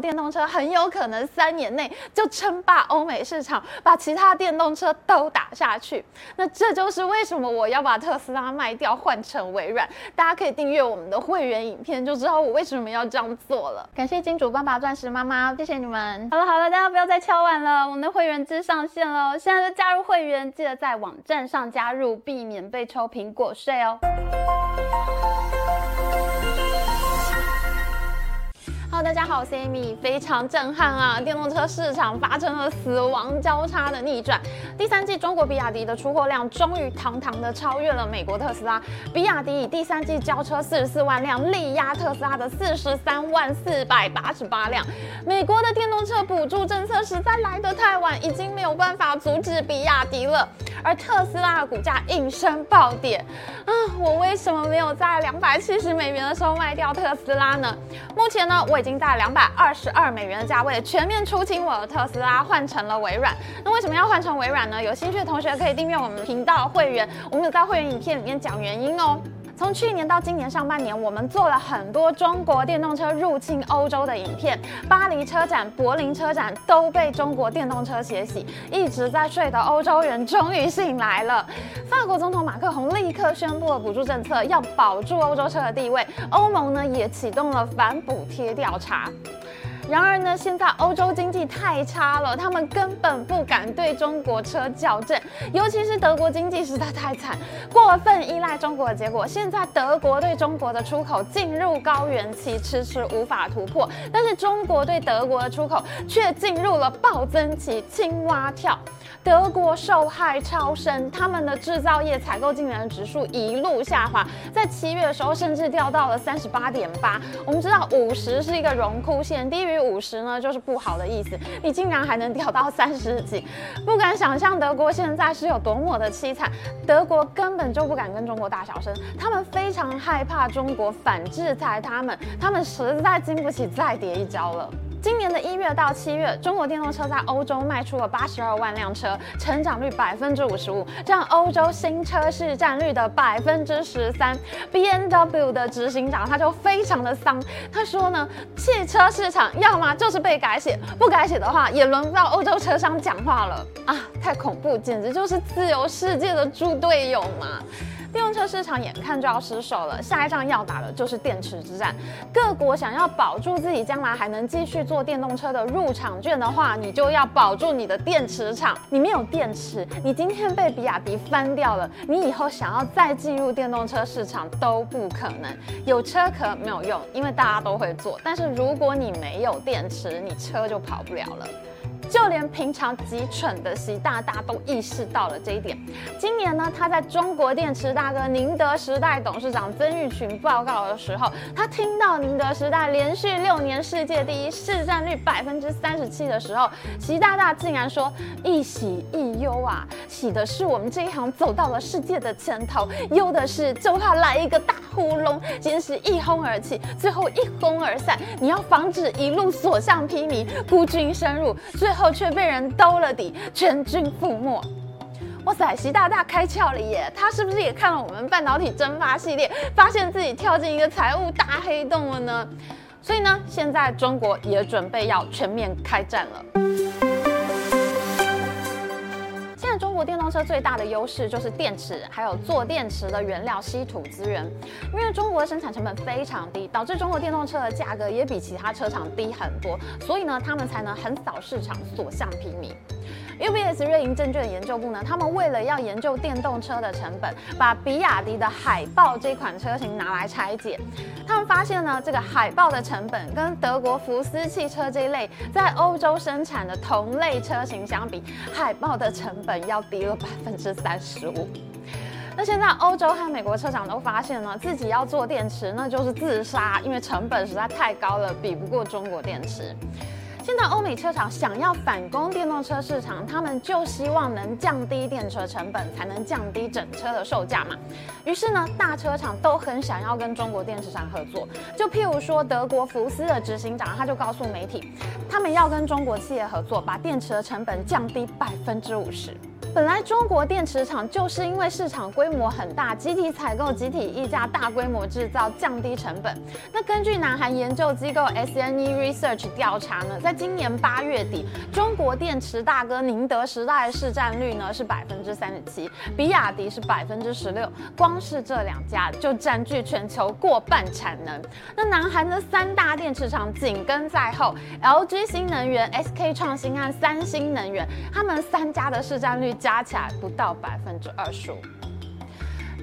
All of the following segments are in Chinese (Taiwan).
電動車很有可能三年內就稱霸歐美市場，把其他電動車都打下去。那這就是為什麼我要把特斯拉賣掉換成微軟。大家可以訂閱我們的會員影片，就知道我為什麼要這樣做了。感謝金主爸爸、鑽石媽媽，謝謝你們。好了好了，大家不要再敲碗了，我們的會員制上線了，現在就加入會員，記得在網站上加入，避免被抽蘋果稅哦。嗯。哈，大家好，我是 Emmy，非常震撼啊！電動車市場發生了死亡交叉的逆轉，第三季中國比亞迪的出貨量終於堂堂的超越了美國特斯拉，比亞迪以第三季交車四十四萬輛，力壓特斯拉的四十三萬四百八十八輛。美國的電動車補助政策實在來得太晚，已經沒有辦法阻止比亞迪了，而特斯拉的股價應聲暴跌。啊、嗯，我為什麼沒有在兩百七十美元的時候賣掉特斯拉呢？目前呢，我。已經在兩百二十二美元的價位全面出清，我的特斯拉換成了微軟。那為什麼要換成微軟呢？有興趣的同學可以訂閱我們頻道的會員，我們有在會員影片裡面講原因哦。從去年到今年上半年，我們做了很多中國電動車入侵歐洲的影片。巴黎車展、柏林車展都被中國電動車血洗，一直在睡的歐洲人終於醒來了。法國總統馬克宏立刻宣佈了補助政策，要保住歐洲車的地位。歐盟呢，也啟動了反補貼調查。然而呢，現在歐洲經濟太差了，他們根本不敢對中國車較真，尤其是德國經濟實在太慘，過分依賴中國的結果，現在德國對中國的出口進入高原期，遲遲無法突破，但是中國對德國的出口卻進入了暴增期，青蛙跳，德國受害超深，他們的製造業採購經理人指數一路下滑，在七月的時候甚至掉到了三十八點八，我們知道五十是一個榮枯線，低於去五十呢，就是不好的意思。你竟然還能掉到三十幾，不敢想象德國現在是有多麼的淒慘。德國根本就不敢跟中國大小聲，他們非常害怕中國反制裁他們，他們實在經不起再跌一跤了。今年的一月到七月，中國電動車在歐洲賣出了八十二萬輛車，成長率百分之五十五，占歐洲新車市占率的百分之十三。BMW 的執行長他就非常的喪，他說呢，汽車市場要麼就是被改寫，不改寫的話，也輪不到歐洲車商講話了啊！太恐怖，簡直就是自由世界的豬隊友嘛。電動車市場眼看就要失手了，下一仗，要打的就是電池之戰。各國想要保住自己將來還能繼續做電動車的入場券的話，你就要保住你的電池廠。你沒有電池，你今天被比亞迪翻掉了，你以後想要再進入電動車市場都不可能。有車殼沒有用，因為大家都會做。但是如果你沒有電池，你車就跑不了了。就連平常極蠢的習大大都意識到了這一點。今年呢，他在中國電池大哥寧德時代董事長曾毓群報告的時候，他聽到寧德時代連續六年世界第一市占率百分之三十七的時候，習大大竟然說一喜一憂啊，喜的是我們這一行走到了世界的前頭，憂的是就怕來一個大窟窿，先是—一哄而起，最後一哄而散。你要防止一路所向披靡，孤軍深入，最後卻被人兜了底，全軍覆沒。哇塞，習大大開竅了耶！他是不是也看了我們半導體蒸發系列，發現自己跳進一個財務大黑洞了呢？所以呢，現在中國也準備要全面開戰了。中國電動車最大的優勢就是電池，還有做電池的原料稀土資源。因為中國的生產成本非常低，導致中國電動車的價格也比其他車廠低很多，所以呢，他們才能橫掃市場，所向披靡。UBS 瑞銀證券研究部呢，他們為了要研究電動車的成本，把比亞迪的海豹這款車型拿來拆解。他們發現呢，這個海豹的成本跟德國福斯汽車這一類在歐洲生產的同類車型相比，海豹的成本要低了百分之三十五。那現在歐洲和美國車廠都發現呢，自己要做電池那就是自殺，因為成本實在太高了，比不過中國電池。那歐美車廠想要反攻電動車市場，他們就希望能降低電車成本，才能降低整車的售價嘛。於是呢，大車廠都很想要跟中國電池廠合作。就譬如說，德國福斯的執行長，他就告訴媒體，他們要跟中國企業合作，把電池的成本降低百分之五十。本來中國電池廠就是因為市場規模很大，集體採購、集體議價、大規模制造，降低成本。那根據南韓研究機構 SNE Research 調查呢，在今年八月底，中國電池大哥寧德時代的市占率呢是百分之三十七，比亞迪是百分之十六，光是這兩家就占據全球過半產能。那南韓的三大電池廠緊跟在後，LG 新能源、SK 創新和三星能源，他們三家的市占率。加起來不到百分之二十五。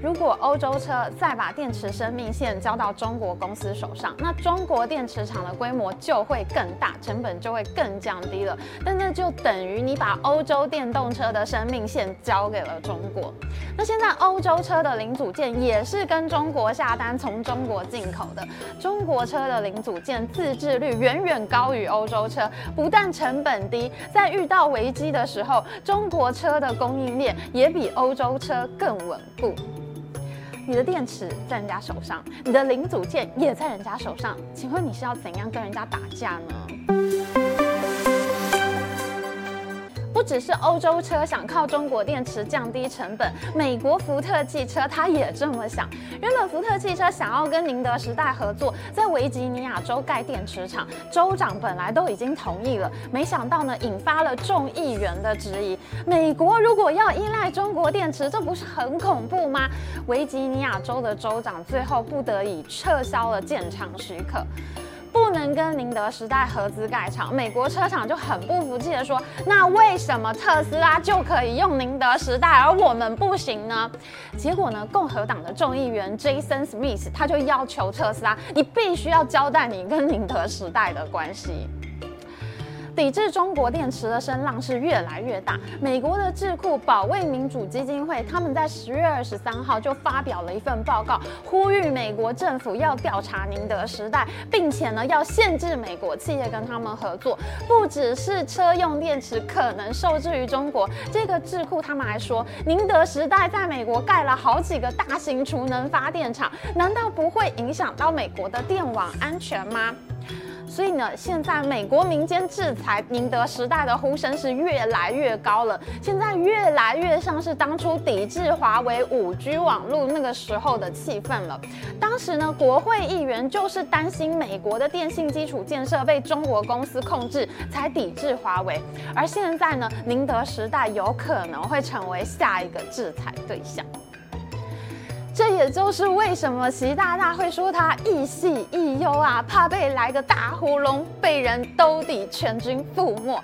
如果歐洲車再把電池生命線交到中國公司手上，那中國電池廠的規模就會更大，成本就會更降低了。但那就等於你把歐洲電動車的生命線交給了中國。那現在歐洲車的零組件也是跟中國下單，從中國進口的。中國車的零組件自製率遠遠高於歐洲車，不但成本低，在遇到危機的時候，中國車的供應鏈也比歐洲車更穩固。你的電池在人家手上，你的零組件也在人家手上，請問你是要怎樣跟人家打架呢？不只是歐洲車想靠中國電池降低成本，美國福特汽車他也這麼想。原本福特汽車想要跟寧德時代合作，在維吉尼亞州蓋電池廠，州長本來都已經同意了，沒想到呢，引發了眾議員的質疑。美國如果要依賴中國電池，這不是很恐怖嗎？維吉尼亞州的州長最後不得已撤銷了建廠許可。能跟寧德時代合資蓋廠，美國車廠就很不服氣的說：“那為什麼特斯拉就可以用寧德時代，而我們不行呢？”結果呢，共和黨的眾議員 Jason Smith 他就要求特斯拉：“你必須要交代你跟寧德時代的關係。”抵制中國電池的聲浪是越來越大。美國的智庫保衛民主基金會，他們在十月二十三號就發表了一份報告，呼籲美國政府要調查寧德時代，並且呢要限制美國企業跟他們合作。不只是車用電池可能受制於中國，這個智庫他們還說，寧德時代在美國蓋了好幾個大型儲能發電廠，難道不會影響到美國的電網安全嗎？所以呢，現在美國民間制裁寧德時代的呼聲是越來越高了，現在越來越像是當初抵制華為五 G 網絡那個時候的氣氛了。當時呢，國會議員就是擔心美國的電信基礎建設被中國公司控制，才抵制華為。而現在呢，寧德時代有可能會成為下一個制裁對象。這也就是為什麼習大大會說他亦喜亦憂啊，怕被來個大窟窿，被人兜底全軍覆沒。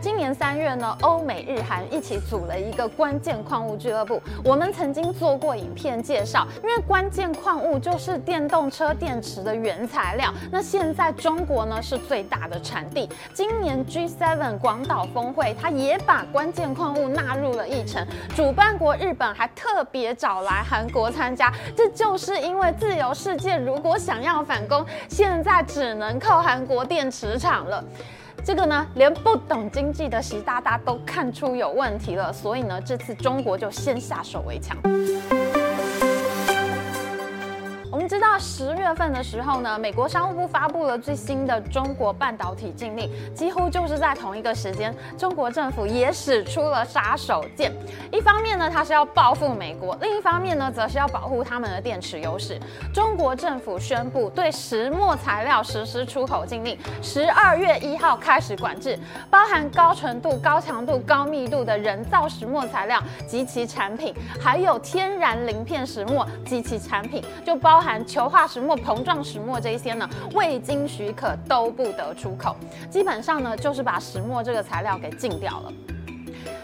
今年三月呢，歐美日韓一起組了一個關鍵礦物俱樂部。我們曾經做過影片介紹，因為關鍵礦物就是電動車電池的原材料。那現在中國呢是最大的產地。今年 G7 廣島峰會，它也把關鍵礦物納入了議程。主辦國日本還特別找來韓國參加，這就是因為自由世界如果想要反攻，現在只能靠韓國電池廠了。這個呢，連不懂經濟的習大大都看出有問題了，所以呢，這次中國就先下手為強。明知道十月份的時候呢，美國商務部發佈了最新的中國半導體禁令，幾乎就是在同一個時間，中國政府也使出了殺手鐧。一方面呢，它是要報復美國；另一方面呢，則是要保護他們的電池優勢。中國政府宣布對石墨材料實施出口禁令，十二月一號開始管制，包含高純度、高強度、高密度的人造石墨材料及其產品，還有天然鱗片石墨及其產品，就包含。球化石墨、膨脹石墨這一些呢，未經許可都不得出口。基本上呢，就是把石墨這個材料給禁掉了。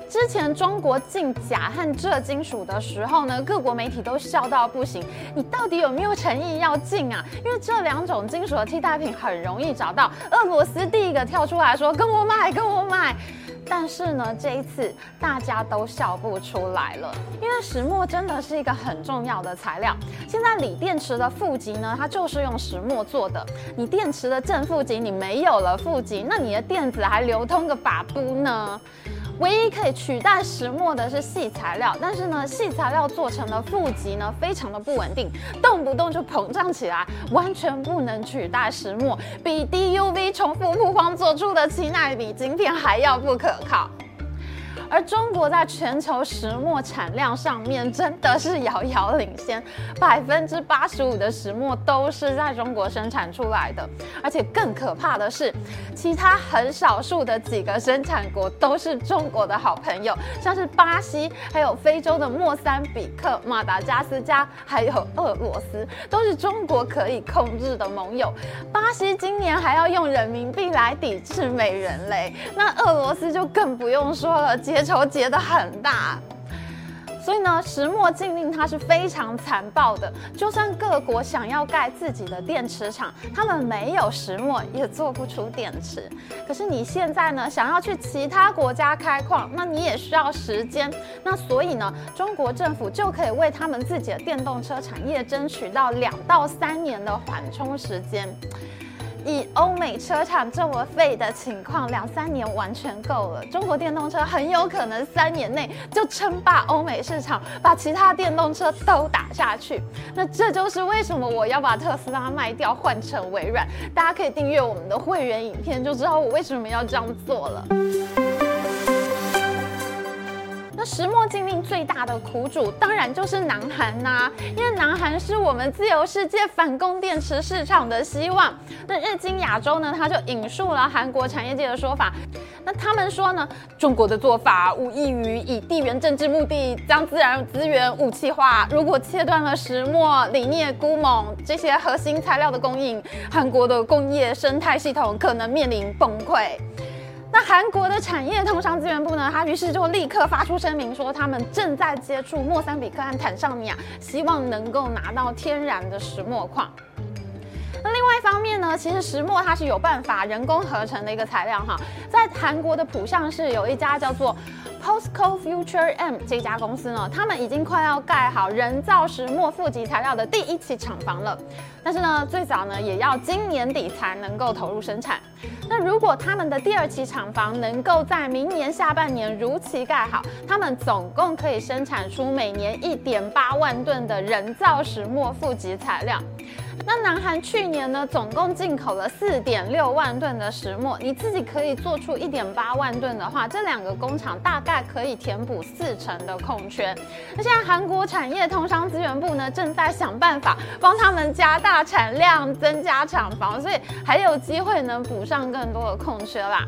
之前中國禁鎵和鍺金屬的時候呢，各國媒體都笑到不行。你到底有沒有誠意要禁啊？因為這兩種金屬的替代品很容易找到。俄羅斯第一個跳出來說跟我買，跟我買。但是呢，這一次大家都笑不出來了。因為石墨真的是一個很重要的材料。現在鋰電池的負極呢，它就是用石墨做的。你電池的正負極，你沒有了負極，那你的電子還流通個把不呢？唯一可以取代石墨的是矽材料，但是呢，矽材料做成的負極呢，非常的不穩定，動不動就膨脹起來，完全不能取代石墨，比 D U V 重複曝光做出的七奈米晶片還要不可靠。而中國在全球石墨產量上面真的是遙遙領先，百分之八十五的石墨都是在中國生產出來的。而且更可怕的是，其他很少數的幾個生產國都是中國的好朋友，像是巴西，還有非洲的莫三比克、馬達加斯加，還有俄羅斯，都是中國可以控制的盟友。巴西今年還要用人民幣來抵制美人類，那俄羅斯就更不用說了。鐵籌結仇結得很大，所以呢，石墨禁令它是非常殘暴的。就算各國想要蓋自己的電池廠，他們沒有石墨也做不出電池。可是你現在呢，想要去其他國家開礦，那你也需要時間。那所以呢，中國政府就可以為他們自己的電動車產業爭取到兩到三年的緩衝時間。以歐美車廠這麼廢的情況，兩三年完全夠了。中國電動車很有可能三年內就稱霸歐美市場，把其他電動車都打下去。那這就是為什麼我要把特斯拉賣掉，換成微軟。大家可以訂閱我們的會員影片，就知道我為什麼要這樣做了。石墨禁令最大的苦主當然就是南韓啦、啊，因為南韓是我們自由世界反攻電池市場的希望。那日經亞洲呢，它就引述了韓國產業界的說法，那他們說呢，中國的做法無異於以地緣政治目的將自然資源武器化。如果切斷了石墨、鋰、鎳、鈷、錳這些核心材料的供應，韓國的工業生態系統可能面臨崩潰。那韓國的產業通商資源部呢，它，於是就立刻發出聲明，說他們正在接觸莫三比克和坦尚尼亞，希望能夠拿到天然的石墨礦。方面呢，其實石墨它是有辦法人工合成的一個材料哈，在韓國的浦項市有一家叫做 POSCO Future M 這家公司呢，他們已經快要蓋好人造石墨負極材料的第一期廠房了，但是呢，最早呢也要今年底才能夠投入生產。那如果他們的第二期廠房能夠在明年下半年如期蓋好，他們總共可以生產出每年一點八萬噸的人造石墨負極材料。那南韓去年呢，總共進口了四點六萬噸的石墨，你自己可以做出一點八萬噸的話，這兩個工廠大概可以填補四成的空缺。那現在韓國產業通商資源部呢，正在想辦法幫他們加大產量、增加廠房，所以還有機會能補上更多的空缺啦。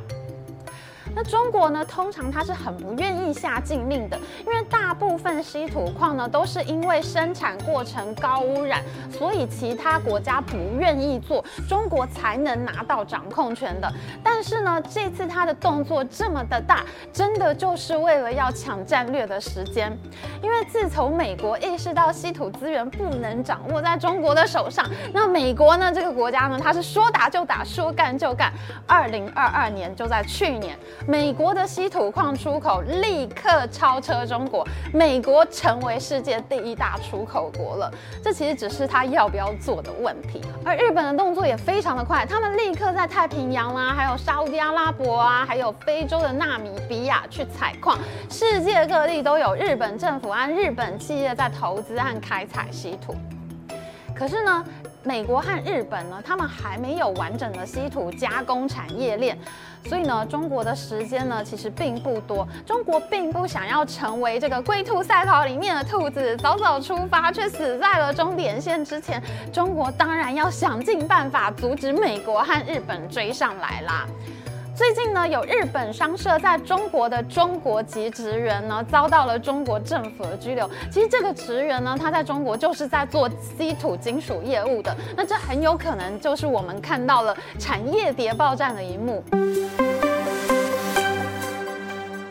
那中國呢，通常它是很不願意下禁令的，因為大部分稀土礦呢都是因為生產過程高污染，所以其他國家不願意做，中國才能拿到掌控權的。但是呢，這次它的動作這麼的大，真的就是為了要搶戰略的時間，因為自從美國意識到稀土資源不能掌握在中國的手上，那美國呢這個國家呢，它是說打就打，說幹就幹。二零二二年就在去年。美國的稀土礦出口立刻超車中國，美國成為世界第一大出口國了。這其實只是他要不要做的問題。而日本的動作也非常的快，他們立刻在太平洋啦、啊，還有沙烏地阿拉伯啊，還有非洲的納米比亞去採礦。世界各地都有日本政府和日本企業在投資和開採稀土。可是呢，美國和日本呢，他們還沒有完整的稀土加工產業鏈，所以呢，中國的時間呢，其實並不多。中國並不想要成為這個龜兔賽跑裡面的兔子，早早出發卻死在了終點線之前。中國當然要想盡辦法阻止美國和日本追上來啦。最近呢，有日本商社在中國的中國籍職員呢，遭到了中國政府的拘留。其實這個職員呢，他在中國就是在做稀土金屬業務的。那這很有可能就是我們看到了產業諜報戰的一幕。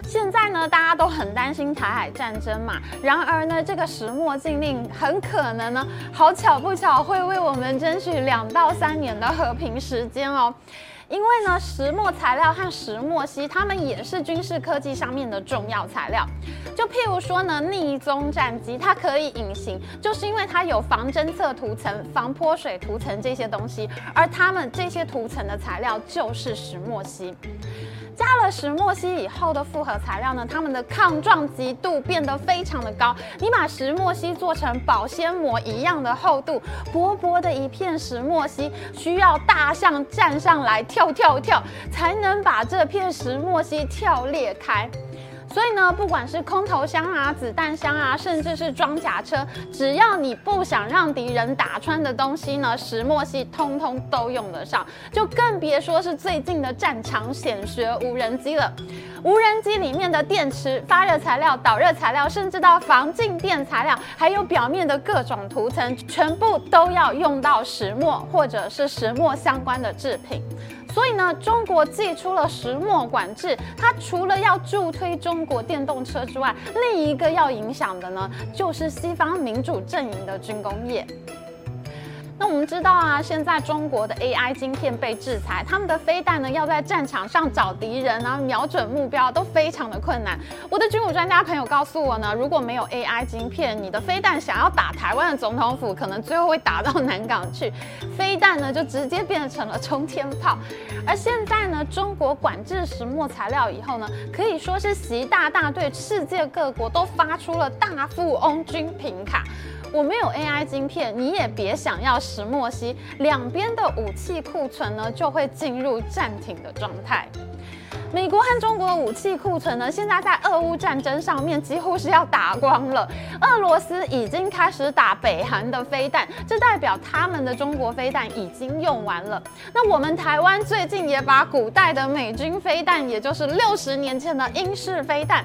現在呢，大家都很擔心台海戰爭嘛。然而呢，這個石墨禁令很可能呢，好巧不巧會為我們爭取兩到三年的和平時間哦。因為呢，石墨材料和石墨烯，它們也是軍事科技上面的重要材料。就譬如說呢，匿蹤戰機它可以隱形，就是因為它有防偵測塗層，防潑水塗層這些東西，而它們這些塗層的材料就是石墨烯。加了石墨烯以後的複合材料呢，它們的抗撞擊度變得非常的高。你把石墨烯做成保鮮膜一樣的厚度，薄薄的一片石墨烯，需要大象站上來跳跳跳，才能把這片石墨烯跳裂開。所以呢，不管是空投箱啊、子彈箱啊，甚至是裝甲車，只要你不想讓敵人打穿的東西呢，石墨烯通通都用得上，就更別說是最近的戰場顯學無人機了。無人機裡面的電池、發熱材料、導熱材料，甚至到防靜電材料，還有表面的各種塗層，全部都要用到石墨或者是石墨相關的製品。所以呢，中國祭出了石墨管制，它除了要助推中國電動車之外，另一個要影響的呢，就是西方民主陣營的軍工業。那我們知道啊，現在中國的 AI 晶片被制裁，他們的飛彈呢要在戰場上找敵人，然後瞄準目標都非常的困難。我的軍武專家朋友告訴我呢，如果沒有 AI 晶片，你的飛彈想要打台灣的總統府，可能最後會打到南港去，飛彈呢就直接變成了沖天炮。而現在呢，中國管制石墨材料以後呢，可以說是習大大對世界各國都發出了大富翁均貧卡。我沒有 AI 晶片，你也別想要石墨烯，兩邊的武器庫存呢就會進入暫停的狀態。美國和中國的武器庫存呢，現在在俄烏戰爭上面幾乎是要打光了。俄羅斯已經開始打北韓的飛彈，這代表他們的中國飛彈已經用完了。那我們台灣最近也把古代的美軍飛彈，也就是六十年前的鷹式飛彈，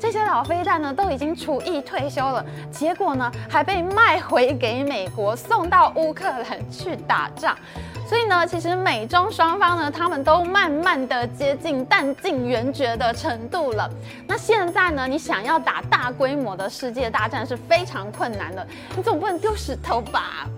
這些老飛彈呢都已經除役退休了，結果呢還被賣回給美國，送到烏克蘭去打仗。所以呢，其實美中雙方呢，他們都慢慢的接近彈盡援絕的程度了。那現在呢，你想要打大規模的世界大戰是非常困難的，你總不能丟石頭吧？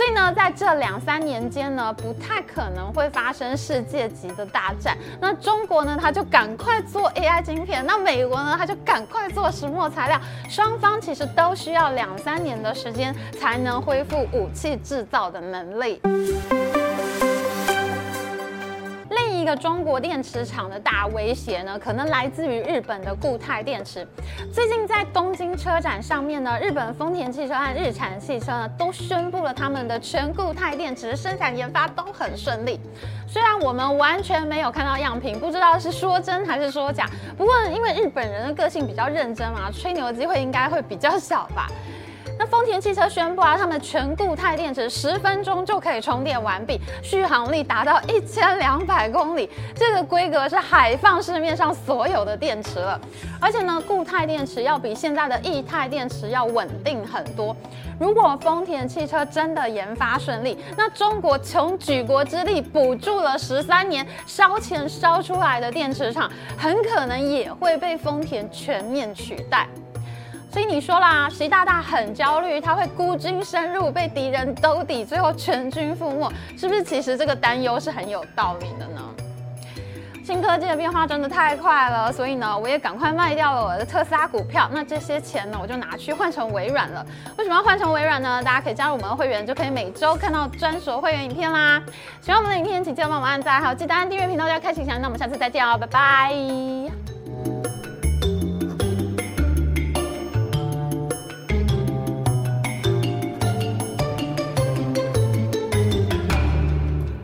所以呢，在這兩三年間呢，不太可能會發生世界級的大戰。那中國呢，它就趕快做 AI 晶片；那美國呢，它就趕快做石墨材料。雙方其實都需要兩三年的時間，才能恢復武器制造的能力。中國電池廠的大威脅呢，可能來自於日本的固態電池。最近在東京車展上面呢，日本豐田汽車和日產汽車呢都宣布了他們的全固態電池生產研發都很順利。雖然我們完全沒有看到樣品，不知道是說真還是說假。不過因為日本人的個性比較認真嘛、啊，吹牛的機會應該會比較小吧。那豐田汽車宣布啊，他們全固態電池十分鐘就可以充電完畢，續航力達到一千兩百公里，這個規格是海放市面上所有的電池了。而且呢，固態電池要比現在的液態電池要穩定很多。如果豐田汽車真的研發順利，那中國窮舉國之力補助了十三年燒錢燒出來的電池廠，很可能也會被豐田全面取代。所以你說啦，習大大很焦慮，他會孤軍深入，被敵人兜底，最後全軍覆沒，是不是？其實這個擔憂是很有道理的呢。新科技的變化真的太快了，所以呢，我也趕快賣掉了我的特斯拉股票。那這些錢呢，我就拿去換成微軟了。為什麼要換成微軟呢？大家可以加入我們的會員，就可以每周看到專屬會員影片啦。喜歡我們的影片，請記得幫我們按讚，還有記得按訂閱頻道，要開信箱。那我們下次再見哦，拜拜。